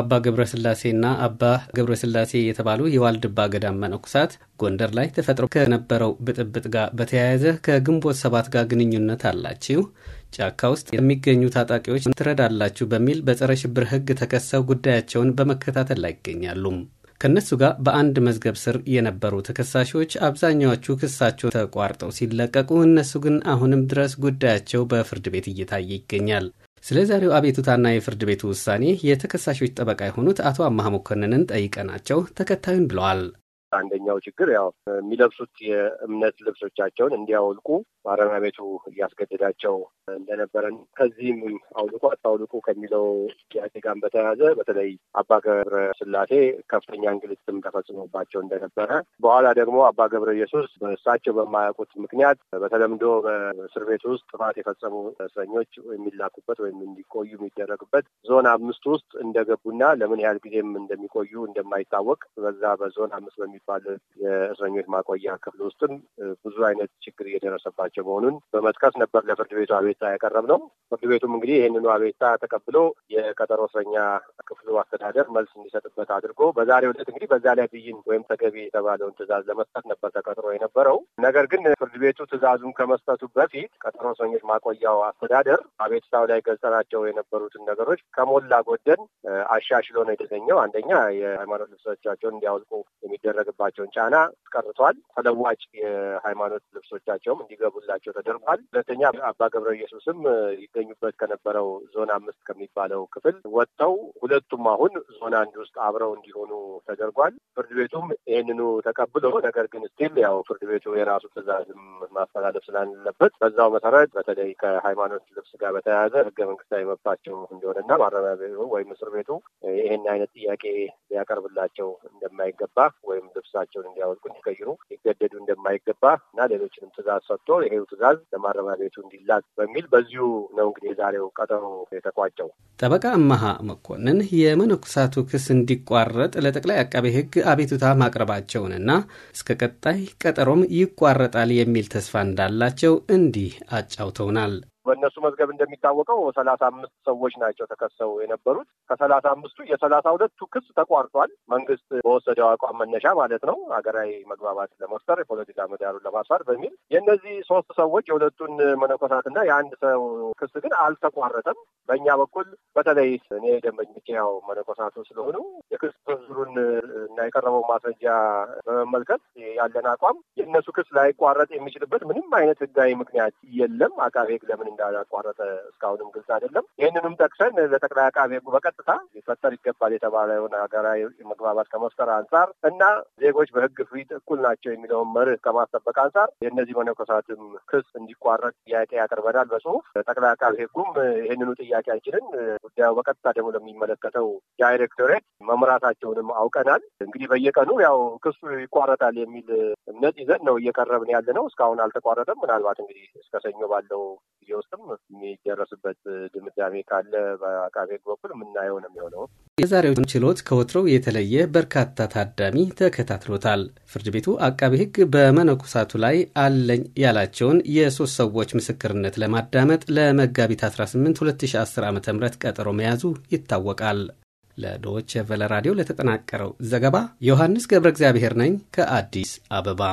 አባ ገብረስላሴና አባ ስላሴ የተባሉ የዋልድባ ገዳም መነኩሳት ጎንደር ላይ ተፈጥሮ ከነበረው ብጥብጥ ጋር በተያያዘ ከግንቦት ሰባት ጋር ግንኙነት አላችሁ፣ ጫካ ውስጥ የሚገኙ ታጣቂዎች ትረዳላችሁ በሚል በጸረ ሽብር ሕግ ተከሰው ጉዳያቸውን በመከታተል ላይ ይገኛሉ። ከእነሱ ጋር በአንድ መዝገብ ስር የነበሩ ተከሳሾች አብዛኛዎቹ ክሳቸው ተቋርጠው ሲለቀቁ፣ እነሱ ግን አሁንም ድረስ ጉዳያቸው በፍርድ ቤት እየታየ ይገኛል። ስለ ዛሬው አቤቱታና የፍርድ ቤቱ ውሳኔ የተከሳሾች ጠበቃ የሆኑት አቶ አማሃ መኮንንን ጠይቀናቸው ተከታዩን ብለዋል። አንደኛው ችግር ያው የሚለብሱት የእምነት ልብሶቻቸውን እንዲያውልቁ ማረሚያ ቤቱ እያስገደዳቸው እንደነበረን ከዚህም አውልቁ አታውልቁ ከሚለው ጥያቄ ጋር በተያያዘ በተለይ አባ ገብረ ስላሴ ከፍተኛ እንግልትም ተፈጽሞባቸው እንደነበረ በኋላ ደግሞ አባ ገብረ ኢየሱስ በእሳቸው በማያውቁት ምክንያት በተለምዶ በእስር ቤት ውስጥ ጥፋት የፈጸሙ እስረኞች የሚላኩበት ወይም እንዲቆዩ የሚደረግበት ዞን አምስት ውስጥ እንደገቡና ለምን ያህል ጊዜም እንደሚቆዩ እንደማይታወቅ በዛ በዞን አምስት በሚ ባሉት የእስረኞች ማቆያ ክፍል ውስጥም ብዙ አይነት ችግር እየደረሰባቸው መሆኑን በመጥቀስ ነበር ለፍርድ ቤቱ አቤታ ያቀረብ ነው። ፍርድ ቤቱም እንግዲህ ይህንኑ አቤታ ተቀብሎ የቀጠሮ እስረኛ ክፍሉ አስተዳደር መልስ እንዲሰጥበት አድርጎ በዛሬው ዕለት እንግዲህ በዛ ላይ ብይን ወይም ተገቢ የተባለውን ትዕዛዝ ለመስጠት ነበር ተቀጥሮ የነበረው። ነገር ግን ፍርድ ቤቱ ትዕዛዙን ከመስጠቱ በፊት ቀጠሮ እስረኞች ማቆያው አስተዳደር አቤቱታው ላይ ገልጸናቸው የነበሩትን ነገሮች ከሞላ ጎደን አሻሽሎ ነው የተገኘው። አንደኛ የሃይማኖት ልብሶቻቸውን እንዲያወልቁ የሚደረግ የሚደርስባቸውን ጫና ቀርቷል። ተለዋጭ የሃይማኖት ልብሶቻቸውም እንዲገቡላቸው ተደርጓል። ሁለተኛ አባ ገብረ ኢየሱስም ይገኙበት ከነበረው ዞን አምስት ከሚባለው ክፍል ወጥተው ሁለቱም አሁን ዞን አንድ ውስጥ አብረው እንዲሆኑ ተደርጓል። ፍርድ ቤቱም ይህንኑ ተቀብሎ ነገር ግን ስቲል ያው ፍርድ ቤቱ የራሱ ትዕዛዝም ማስተላለፍ ስላለበት በዛው መሰረት በተለይ ከሃይማኖት ልብስ ጋር በተያያዘ ህገ መንግስታዊ መብታቸው እንደሆነና ማረሚያ ቤቱ ወይም እስር ቤቱ ይህን አይነት ጥያቄ ሊያቀርብላቸው እንደማይገባ ወይም ልብሳቸውን እንዲያወልቁ እንዲቀይሩ ሊገደዱ እንደማይገባ እና ሌሎችንም ትእዛዝ ሰጥቶ ይሄው ትእዛዝ ለማረሚያ ቤቱ እንዲላክ በሚል በዚሁ ነው እንግዲህ የዛሬው ቀጠሮ የተቋጨው። ጠበቃ አመሀ መኮንን የመነኮሳቱ ክስ እንዲቋረጥ ለጠቅላይ አቃቤ ሕግ አቤቱታ ማቅረባቸውንና እስከ ቀጣይ ቀጠሮም ይቋረጣል የሚል ተስፋ እንዳላቸው እንዲህ አጫውተውናል። በእነሱ መዝገብ እንደሚታወቀው ሰላሳ አምስት ሰዎች ናቸው ተከሰው የነበሩት። ከሰላሳ አምስቱ የሰላሳ ሁለቱ ክስ ተቋርጧል። መንግስት በወሰደው አቋም መነሻ ማለት ነው። ሀገራዊ መግባባት ለመፍጠር የፖለቲካ ምህዳሩን ለማስፋት በሚል የእነዚህ ሶስት ሰዎች የሁለቱን መነኮሳትና የአንድ ሰው ክስ ግን አልተቋረጠም። በእኛ በኩል በተለይ እኔ ደንበኞቼ ያው መነኮሳቱ ስለሆኑ የክስ ዝርዝሩን እና የቀረበው ማስረጃ በመመልከት ያለን አቋም የእነሱ ክስ ላይቋረጥ የሚችልበት ምንም አይነት ህጋዊ ምክንያት የለም። አቃቤ ህግ ለምን እንዳላቋረጠ እስካሁንም ግልጽ አይደለም። ይህንንም ጠቅሰን ለጠቅላይ አቃቤ ሕጉ በቀጥታ ሊፈጠር ይገባል የተባለውን ሀገራዊ መግባባት ከመፍጠር አንጻር እና ዜጎች በሕግ ፊት እኩል ናቸው የሚለውን መርህ ከማስጠበቅ አንጻር የእነዚህ መነኮሳትም ክስ እንዲቋረጥ ጥያቄ ያቀርበናል በጽሁፍ ጠቅላይ አቃቤ ሕጉም ይህንኑ ጥያቄያችንን ጉዳዩ በቀጥታ ደግሞ ለሚመለከተው ዳይሬክቶሬት መምራታቸውንም አውቀናል። እንግዲህ በየቀኑ ያው ክሱ ይቋረጣል የሚል እምነት ይዘን ነው እየቀረብን ያለ ነው። እስካሁን አልተቋረጠም። ምናልባት እንግዲህ እስከ ሰኞ ባለው ቢወስድም የሚደረስበት ድምዳሜ ካለ በአቃቤ ሕግ በኩል የምናየው ነው የሚሆነው። የዛሬው ችሎት ከወትሮው የተለየ በርካታ ታዳሚ ተከታትሎታል። ፍርድ ቤቱ አቃቤ ሕግ በመነኮሳቱ ላይ አለኝ ያላቸውን የሶስት ሰዎች ምስክርነት ለማዳመጥ ለመጋቢት 18 2010 ዓ ም ቀጠሮ መያዙ ይታወቃል። ለዶች ቨለ ራዲዮ ለተጠናቀረው ዘገባ ዮሐንስ ገብረ እግዚአብሔር ነኝ ከአዲስ አበባ